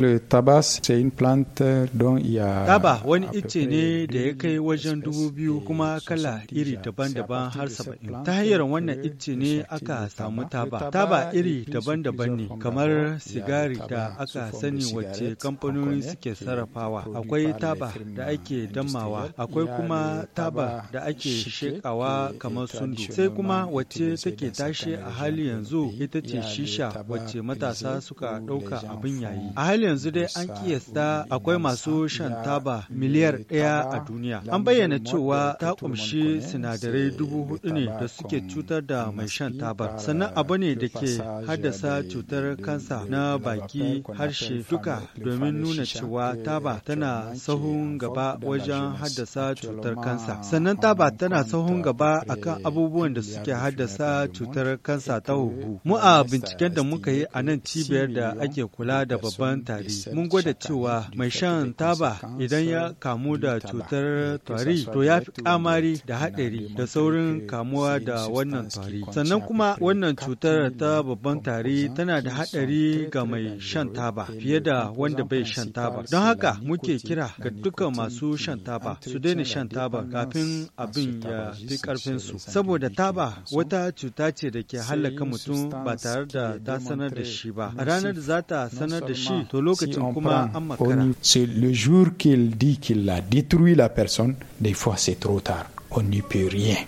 Le tabac, c'est une plante dont il y a Taba wani ice ne da ya kai wajen dubu biyu kuma kala iri daban-daban har saba'in. Ta hanyar wannan ice ne aka samu taba. Taba iri daban-daban ne kamar sigari da aka sani wacce kamfanoni suke sarrafawa. Akwai taba da ake dammawa, akwai kuma taba da ake shekawa kamar sundu. Sai kuma wacce take tashi a hali yanzu ita ce shisha wacce matasa suka ɗauka abin yayi. A hali yanzu dai an kiyasta akwai masu shan taba miliyar ɗaya a duniya. An bayyana cewa ta ƙumshi sinadarai dubu hudu ne da suke cutar da mai shan taba Sannan abu ne da ke haddasa cutar kansa na baki harshe duka domin nuna cewa taba tana sahun gaba wajen haddasa cutar kansa. Sannan taba tana sahun gaba akan abubuwan da suke haddasa cutar kansa ta huhu. Mu a binciken da muka yi a nan cibiyar da ake kula da babban tari mun gwada cewa mai shan taba idan ya kamu da cutar tari to ya fi kamari da haɗari da saurin kamuwa da wannan tari sannan kuma wannan cutar ta babban tari tana da haɗari ga mai shan taba fiye da wanda bai shan taba don haka muke kira ga dukkan masu shan taba su daina shan taba kafin abin ya fi ƙarfinsu saboda taba wata cuta ce da ke hallaka mutum ba tare da ta sanar da shi ba a ranar da za ta sanar da shi to c'est le jour qu'il dit qu'il a détruit la personne, des fois c'est trop tard. On n'y peut rien.